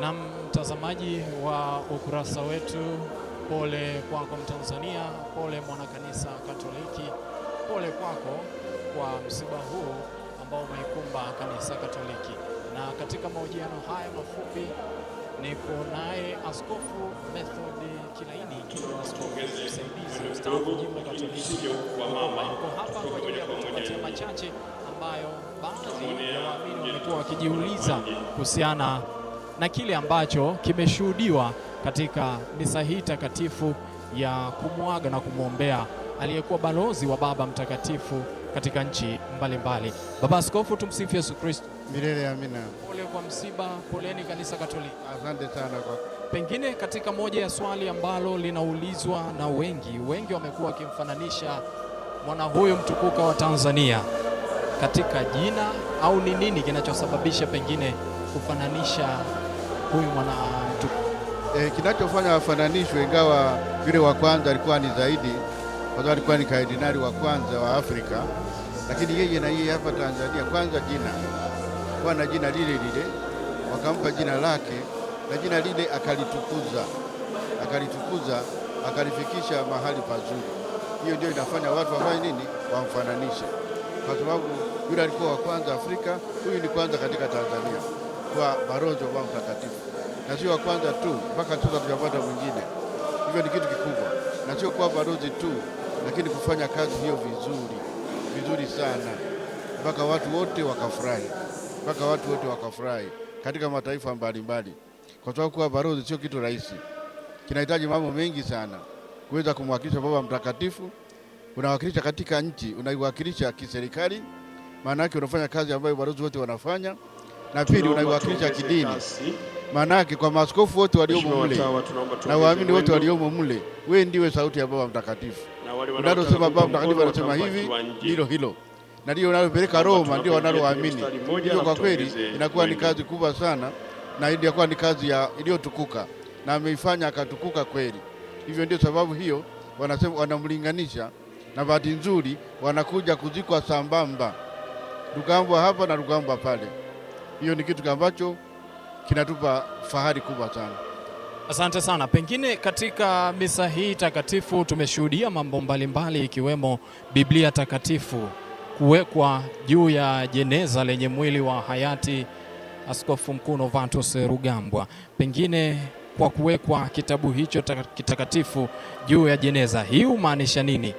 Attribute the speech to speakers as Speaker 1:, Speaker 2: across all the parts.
Speaker 1: Na mtazamaji wa ukurasa wetu, pole kwako Mtanzania, pole mwanakanisa Katoliki, pole kwako kwa msiba huu ambao umeikumba kanisa Katoliki. Na katika mahojiano haya mafupi niko naye Askofu Method Kilaini, askofu msaidizi mstaafu jimbo Katoliki Yuko hapa kwa ajili ya kutupatia machache ambayo baadhi ya waamini wamekuwa wakijiuliza kuhusiana na kile ambacho kimeshuhudiwa katika misa hii takatifu ya kumwaga na kumwombea aliyekuwa balozi wa Baba Mtakatifu katika nchi mbalimbali. Baba Askofu, tumsifu Yesu Kristo.
Speaker 2: Milele amina.
Speaker 1: Pole kwa msiba, poleni Kanisa Katoliki.
Speaker 2: Asante sana kwa
Speaker 1: pengine katika moja ya swali ambalo linaulizwa na wengi wengi, wamekuwa wakimfananisha mwana huyu mtukuka wa Tanzania katika jina, au ni nini kinachosababisha pengine kufananisha huyu mwana
Speaker 2: e, eh, kinachofanya wafananishwe, ingawa yule wa kwanza alikuwa ni zaidi, kwa sababu alikuwa ni kardinali wa kwanza wa Afrika, lakini yeye na yeye hapa Tanzania, kwanza jina kwa na jina lile lile wakampa jina lake na jina lile akalitukuza, akalitukuza akalifikisha mahali pazuri. Hiyo ndio inafanya watu wafanye nini, wamfananishe, kwa sababu yule alikuwa wa kwanza Afrika, huyu ni kwanza katika Tanzania kwa Balozi wa Baba Mtakatifu, na sio wa kwanza tu, mpaka tuza tujapata mwingine. Hivyo ni kitu kikubwa, na sio kuwa balozi tu, lakini kufanya kazi hiyo vizuri vizuri sana, mpaka watu wote wakafurahi, mpaka watu wote wakafurahi katika mataifa mbalimbali, kwa sababu kuwa balozi sio kitu rahisi, kinahitaji mambo mengi sana kuweza kumwakilisha Baba Mtakatifu. Unawakilisha katika nchi, unaiwakilisha kiserikali, maana yake unafanya kazi ambayo balozi wote wanafanya na pili unaiwakilisha kidini. Maanake kwa maaskofu wote waliomo mle na waamini wote waliomo mle, wewe ndiwe sauti ya Baba Mtakatifu. Unalosema Baba Mtakatifu anasema hivi, hilo hilo na ndio unalopeleka Roma, ndio wanaloamini. Hivyo kwa kweli inakuwa ni kazi kubwa sana, na inakuwa ni kazi ya iliyotukuka, na ameifanya akatukuka kweli. Hivyo ndio sababu hiyo wanasema, wanamlinganisha na bahati nzuri wanakuja kuzikwa sambamba, Rugambwa hapa na Rugambwa pale. Hiyo ni kitu ambacho kinatupa fahari kubwa sana.
Speaker 1: Asante sana. Pengine katika misa hii takatifu tumeshuhudia mambo mbalimbali ikiwemo Biblia takatifu kuwekwa juu ya jeneza lenye mwili wa hayati Askofu Mkuu Novatus Rugambwa. Pengine kwa kuwekwa kitabu hicho kitakatifu juu ya jeneza hii humaanisha nini?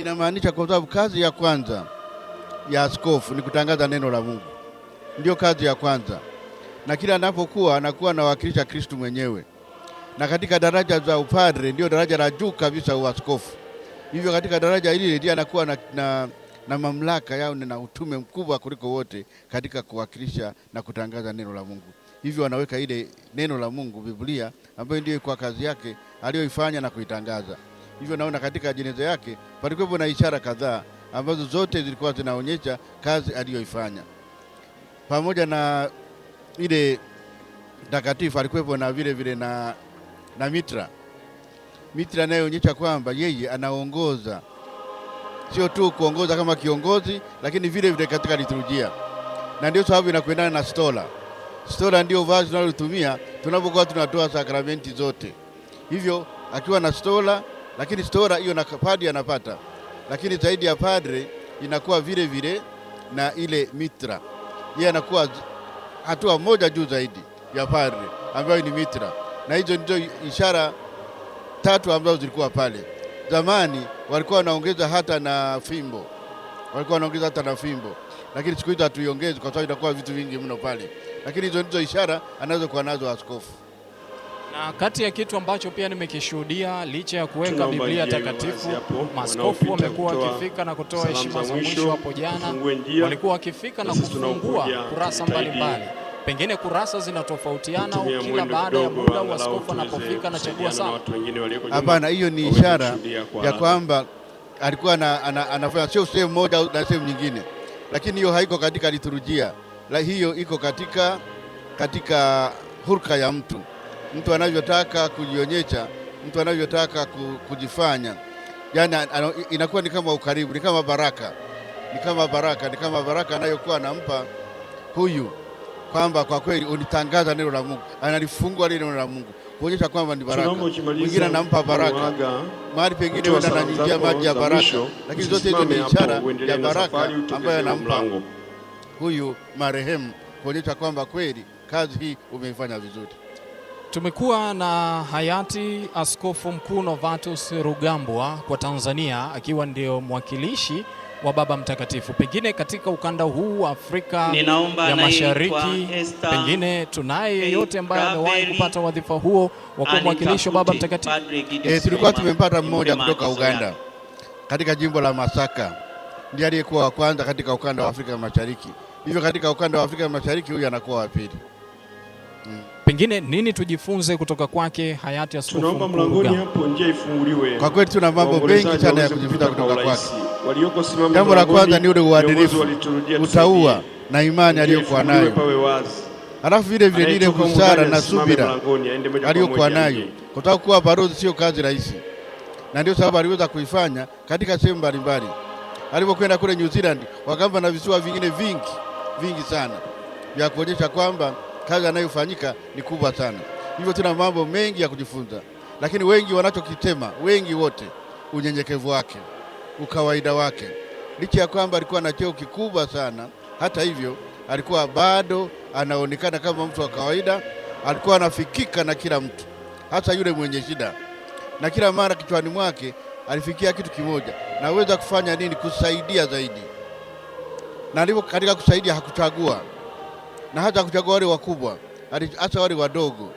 Speaker 2: Inamaanisha kwa sababu kazi ya kwanza ya askofu ni kutangaza neno la Mungu. Ndiyo kazi ya kwanza, na kila anapokuwa anakuwa anawakilisha Kristu mwenyewe, na katika daraja za upadre ndio daraja la juu kabisa uaskofu. Hivyo katika daraja hili ndiye anakuwa na, na, na mamlaka yao na utume mkubwa kuliko wote katika kuwakilisha na kutangaza neno la Mungu. Hivyo anaweka ile neno la Mungu Biblia, ambayo ndiyo kwa kazi yake aliyoifanya na kuitangaza. Hivyo naona katika jeneza yake palikuwepo na ishara kadhaa ambazo zote zilikuwa zinaonyesha kazi aliyoifanya pamoja na ile takatifu alikuwepo na vile vile na, na Mitra. Mitra anayeonyesha kwamba yeye anaongoza sio tu kuongoza kama kiongozi, lakini vile vile katika liturujia, na ndio sababu inakwendana na stola. Stola ndio vazi tunalotumia tunapokuwa tunatoa sakramenti zote, hivyo akiwa na stola, lakini stola hiyo na padri anapata, lakini zaidi ya padre inakuwa vile vile na ile mitra yeye anakuwa hatua moja juu zaidi ya Padre ambayo ni Mitra, na hizo ndizo ishara tatu ambazo zilikuwa pale zamani. Walikuwa wanaongeza hata na fimbo, walikuwa wanaongeza hata na fimbo, lakini siku hizo hatuiongezi kwa sababu inakuwa vitu vingi mno pale, lakini hizo ndizo ishara anazokuwa nazo askofu.
Speaker 1: Na kati ya kitu ambacho pia nimekishuhudia licha ya kuweka Biblia takatifu, maskofu wamekuwa wakifika na kutoa heshima za mwisho. Hapo jana walikuwa wakifika na kufungua kurasa mbalimbali pengine kurasa zinatofautiana kila baada ya muda askofu anapofika anachagua sana.
Speaker 2: Hapana, hiyo ni ishara ya kwamba alikuwa anafanya sio sehemu moja na sehemu nyingine, lakini hiyo haiko katika liturujia la hiyo, iko katika, katika hurka ya mtu mtu anavyotaka kujionyesha, mtu anavyotaka kujifanya, yani inakuwa ni kama ukaribu, ni kama baraka, ni kama baraka, ni kama baraka anayokuwa anampa huyu kwamba kwa kweli unitangaza neno la Mungu, analifungua lile neno la Mungu kuonyesha kwamba ni baraka. Mwingine anampa baraka, mahali pengine wenda ananyingia maji ya baraka, lakini zote hizo ni ishara ya baraka ambayo anampa huyu marehemu kuonyesha kwamba kweli kazi hii umeifanya vizuri.
Speaker 1: Tumekuwa na hayati Askofu Mkuu Novatus Rugambwa kwa Tanzania akiwa ndio mwakilishi wa Baba Mtakatifu. Pengine katika ukanda huu wa Afrika Ninaomba ya Mashariki, pengine tunaye yeyote ambaye amewahi kupata wadhifa huo wa kuwa mwakilishi wa Baba Mtakatifu?
Speaker 2: E, tulikuwa tumempata mmoja kutoka Uganda katika jimbo la Masaka, ndiye aliyekuwa wa kwanza katika ukanda wa Afrika Mashariki. Hivyo katika ukanda wa Afrika Mashariki huyu anakuwa wa pili.
Speaker 1: Hmm. Pengine nini tujifunze kutoka kwake hayati Askofu Tunaomba Mlangoni hapo
Speaker 2: njia ifunguliwe. Kwa kweli tuna mambo mengi sana ya kujifunza kutoka kwake. Jambo la kwanza ni ule uadilifu, utauwa na imani aliyokuwa nayo, alafu vile vile ile busara na subira aliyokuwa nayo, kwa sababu kuwa balozi sio kazi rahisi, na ndio sababu aliweza kuifanya katika sehemu mbalimbali. Alipokwenda kule New Zealand, wakamba na visiwa vingine vingi vingi sana vya kuonyesha kwamba kazi anayofanyika ni kubwa sana. Hivyo tuna mambo mengi ya kujifunza, lakini wengi wanachokitema, wengi wote, unyenyekevu wake, ukawaida wake. Licha ya kwamba alikuwa na cheo kikubwa sana, hata hivyo alikuwa bado anaonekana kama mtu wa kawaida. Alikuwa anafikika na kila mtu, hata yule mwenye shida, na kila mara kichwani mwake alifikia kitu kimoja, naweza kufanya nini kusaidia zaidi, na alipo katika kusaidia hakuchagua na hata kuchagua wale wakubwa, hata wale wadogo,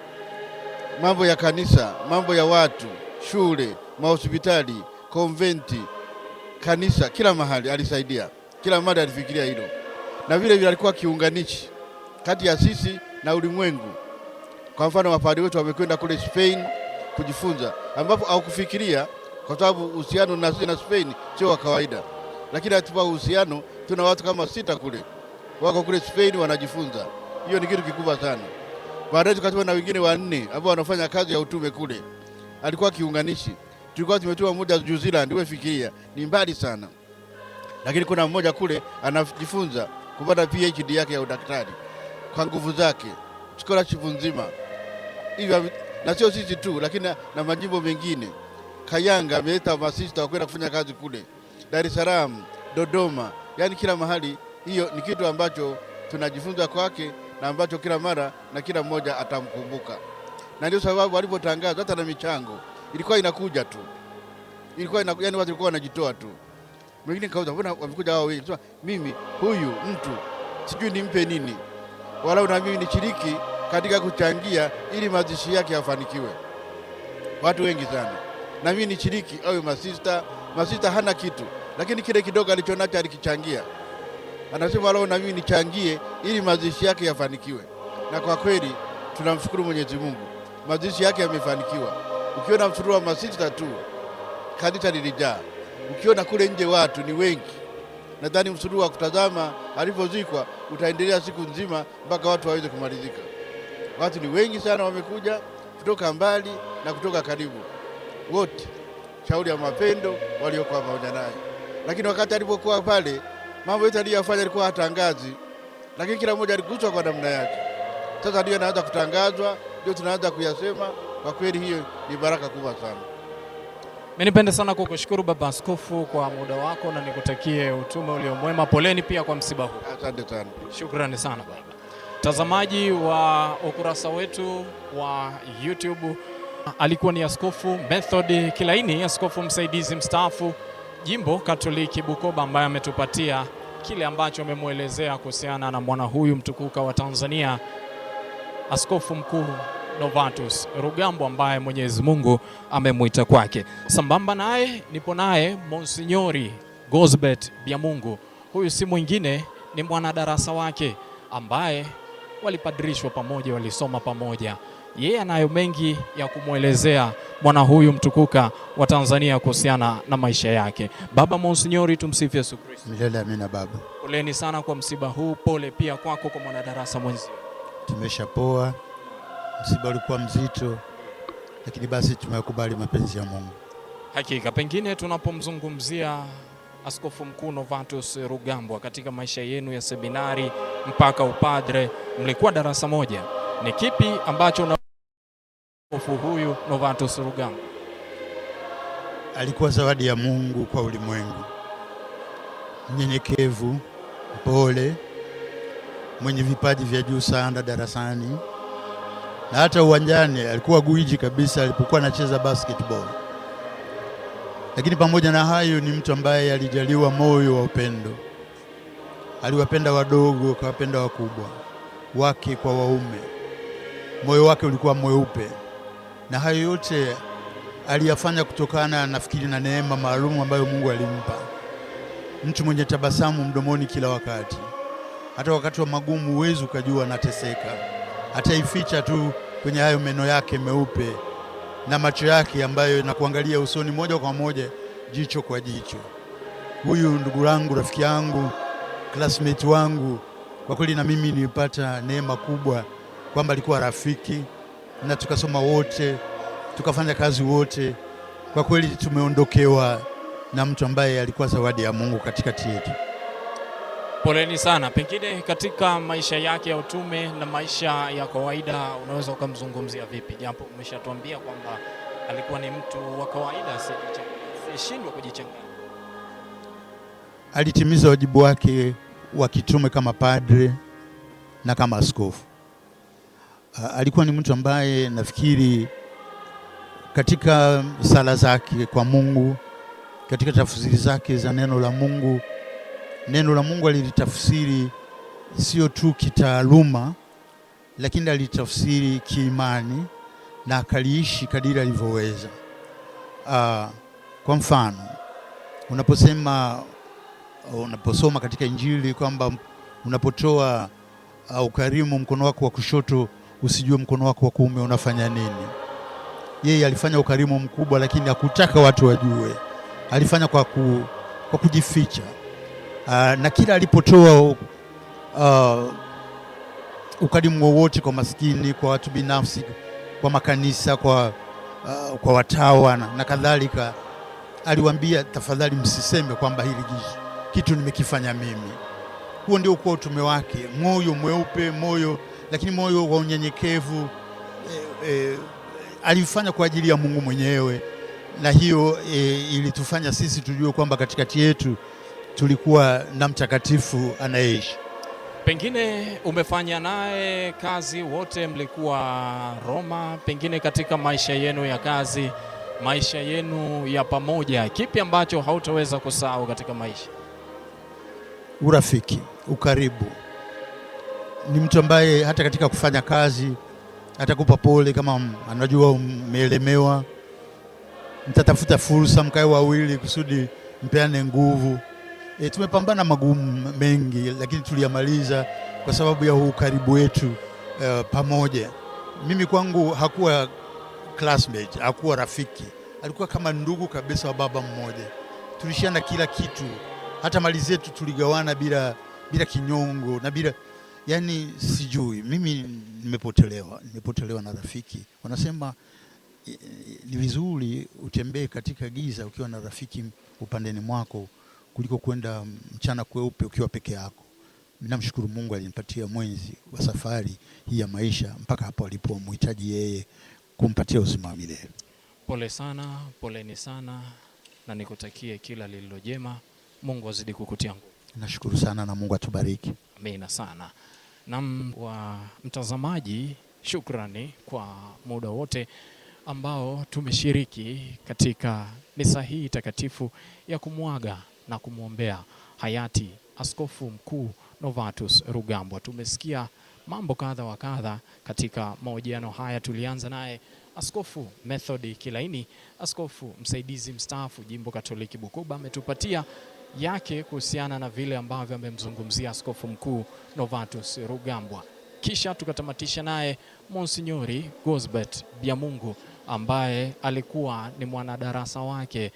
Speaker 2: mambo ya kanisa, mambo ya watu, shule, mahospitali, konventi, kanisa, kila mahali alisaidia, kila mahali alifikiria hilo, na vile vile alikuwa kiunganishi kati ya sisi na ulimwengu. Kwa mfano, wapadi wetu wamekwenda kule Spain kujifunza, ambapo hawakufikiria kwa sababu uhusiano na na Spain sio wa kawaida, lakini hatupa uhusiano, tuna watu kama sita kule wako kule Spain wanajifunza. Hiyo ni kitu kikubwa sana. Baadaye tukatuma na wengine wanne ambao wanafanya kazi ya utume kule, alikuwa kiunganishi. Tulikuwa tumetuma mmoja New Zealand, wewe fikiria ni mbali sana, lakini kuna mmoja kule anajifunza kupata PhD yake ya udaktari kwa nguvu zake, scholarship nzima hivyo, na sio sisi tu, lakini na majimbo mengine. Kayanga ameleta masista kwenda kufanya kazi kule, Dar es Salaam, Dodoma, yani kila mahali. Hiyo ni kitu ambacho tunajifunza kwake na ambacho kila mara na kila mmoja atamkumbuka, na ndio sababu walipotangaza hata na michango ilikuwa inakuja tu, ilikuwa ina, yani watu walikuwa wanajitoa tu. Mwingine kauza, mbona wamekuja hao wengi? Mimi huyu mtu sijui nimpe nini, wala na mimi nishiriki katika kuchangia ili mazishi yake yafanikiwe. Watu wengi sana, na mimi nishiriki, awe masista. Masista hana kitu, lakini kile kidogo alichonacho alikichangia anasema leo na mimi nichangie ili mazishi yake yafanikiwe, na kwa kweli tunamshukuru Mwenyezi Mungu, mazishi yake yamefanikiwa. Ukiona msururu wa masista tu kanisa lilijaa, ukiona kule nje watu ni wengi. Nadhani msururu wa kutazama alivyozikwa utaendelea siku nzima mpaka watu waweze kumalizika. Watu ni wengi sana, wamekuja kutoka mbali na kutoka karibu, wote shauri ya mapendo waliokuwa pamoja naye. Lakini wakati alipokuwa pale mambo yote aliyofanya alikuwa hatangazi, lakini kila mmoja aliguswa kwa namna yake. Sasa ndio anaanza kutangazwa, ndio tunaanza kuyasema. Kwa kweli hiyo ni baraka kubwa sana.
Speaker 1: Mimi nipende sana kukushukuru Baba Askofu kwa muda wako na nikutakie utume uliomwema. Poleni pia kwa msiba huu. Asante sana. Shukrani sana baba. Mtazamaji wa ukurasa wetu wa YouTube alikuwa ni Askofu Method Kilaini, askofu msaidizi mstaafu jimbo Katoliki Bukoba ambaye ametupatia kile ambacho amemwelezea kuhusiana na mwana huyu mtukuka wa Tanzania, Askofu Mkuu Novatus rugambo ambaye Mwenyezi Mungu amemwita kwake. Sambamba naye nipo naye Monsinyori gosbet Byamungu. Huyu si mwingine ni mwanadarasa wake ambaye walipadrishwa pamoja, walisoma pamoja yeye anayo mengi ya kumwelezea mwana huyu mtukuka wa Tanzania kuhusiana na maisha yake. Baba Monsinyori, tumsifu Yesu Kristo.
Speaker 2: Milele amina. Baba,
Speaker 1: poleni sana kwa msiba huu, pole pia kwako kwa mwanadarasa mwenzio.
Speaker 2: Tumeshapoa, msiba ulikuwa mzito, lakini basi tumekubali mapenzi ya Mungu.
Speaker 1: Hakika pengine tunapomzungumzia Askofu Mkuu Novatus Rugambwa, katika maisha yenu ya seminari mpaka upadre mlikuwa darasa moja, ni kipi ambacho una Askofu huyu Novatus Rugambwa
Speaker 2: alikuwa zawadi ya Mungu kwa ulimwengu, mnyenyekevu, mpole, mwenye vipaji vya juu sana darasani na hata uwanjani. Alikuwa guiji kabisa alipokuwa anacheza basketball, lakini pamoja na hayo ni mtu ambaye alijaliwa moyo wa upendo. Aliwapenda wadogo, akawapenda wakubwa, wake kwa waume. Moyo wake ulikuwa mweupe na hayo yote aliyafanya kutokana, nafikiri, na neema maalum ambayo Mungu alimpa. Mtu mwenye tabasamu mdomoni kila wakati, hata wakati wa magumu huwezi ukajua anateseka, ataificha tu kwenye hayo meno yake meupe na macho yake ambayo nakuangalia usoni moja kwa moja, jicho kwa jicho. Huyu ndugu langu, rafiki yangu, classmate wangu, kwa kweli na mimi nilipata neema kubwa kwamba alikuwa rafiki na tukasoma wote tukafanya kazi wote. Kwa kweli tumeondokewa na mtu ambaye alikuwa zawadi ya Mungu katikati yetu.
Speaker 1: Poleni sana. Pengine katika maisha yake ya utume na maisha ya kawaida, unaweza ukamzungumzia vipi, japo umeshatuambia kwamba alikuwa ni mtu wa kawaida asiyeshindwa kujichanganya?
Speaker 2: Alitimiza wajibu wake wa kitume kama padre na kama askofu alikuwa ni mtu ambaye nafikiri katika sala zake kwa Mungu, katika tafsiri zake za neno la Mungu, neno la Mungu alilitafsiri sio tu kitaaluma, lakini alitafsiri kiimani na akaliishi kadiri alivyoweza. Uh, kwa mfano unaposema unaposoma katika Injili kwamba unapotoa uh, ukarimu mkono wako wa kushoto usijue mkono wako wa kuume unafanya nini. Yeye alifanya ukarimu mkubwa, lakini hakutaka watu wajue. Alifanya kwa, ku, kwa kujificha uh, na kila alipotoa uh, ukarimu wowote kwa maskini, kwa watu binafsi, kwa makanisa, kwa, uh, kwa watawa na, na kadhalika, aliwaambia tafadhali, msiseme kwamba hili kitu nimekifanya mimi. Huo ndio kuwa utume wake, moyo mweupe, moyo lakini moyo wa unyenyekevu e, e, alifanya kwa ajili ya Mungu mwenyewe, na hiyo e, ilitufanya sisi tujue kwamba katikati yetu tulikuwa na mtakatifu anayeishi.
Speaker 1: Pengine umefanya naye kazi, wote mlikuwa Roma, pengine katika maisha yenu ya kazi, maisha yenu ya pamoja, kipi ambacho hautaweza kusahau katika maisha?
Speaker 2: Urafiki, ukaribu ni mtu ambaye hata katika kufanya kazi atakupa pole, kama anajua umeelemewa, mtatafuta fursa mkae wawili kusudi mpeane nguvu. E, tumepambana magumu mengi, lakini tuliyamaliza kwa sababu ya ukaribu wetu e, pamoja. Mimi kwangu hakuwa classmate, hakuwa rafiki, alikuwa kama ndugu kabisa wa baba mmoja. Tulishana kila kitu, hata mali zetu tuligawana bila, bila kinyongo na bila yani sijui mimi nimepotelewa, nimepotelewa na rafiki. Wanasema ni vizuri utembee katika giza ukiwa na rafiki upandeni mwako kuliko kwenda mchana kweupe ukiwa peke yako. Namshukuru Mungu alinipatia mwenzi wa safari hii ya maisha mpaka hapo alipo, muhitaji yeye kumpatia uzima wa milele.
Speaker 1: Pole sana, poleni sana, na nikutakie kila lililo jema. Mungu azidi kukutia nguvu.
Speaker 2: Nashukuru sana na Mungu atubariki.
Speaker 1: Amina sana. Naam, wa mtazamaji, shukrani kwa muda wote ambao tumeshiriki katika misa hii takatifu ya kumwaga na kumwombea hayati Askofu Mkuu Novatus Rugambwa. Tumesikia mambo kadha wa kadha katika mahojiano haya. Tulianza naye Askofu Method Kilaini, askofu msaidizi mstaafu Jimbo Katoliki Bukoba, ametupatia yake kuhusiana na vile ambavyo amemzungumzia askofu mkuu Novatus Rugambwa. Kisha tukatamatisha naye Monsinyori Gosbert Byamungu ambaye alikuwa ni mwanadarasa wake.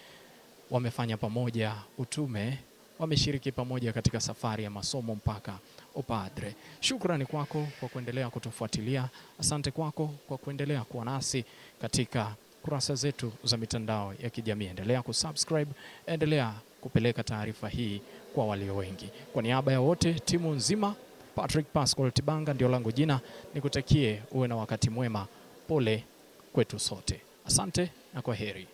Speaker 1: Wamefanya pamoja utume, wameshiriki pamoja katika safari ya masomo mpaka upadre. Shukrani kwako kwa kuendelea kutufuatilia, asante kwako kwa kuendelea kuwa nasi katika kurasa zetu za mitandao ya kijamii. Endelea kusubscribe, endelea kupeleka taarifa hii kwa walio wengi. Kwa niaba ya wote, timu nzima, Patrick Pascal Tibanga ndio langu jina, nikutakie uwe na wakati mwema. Pole kwetu sote, asante na kwa heri.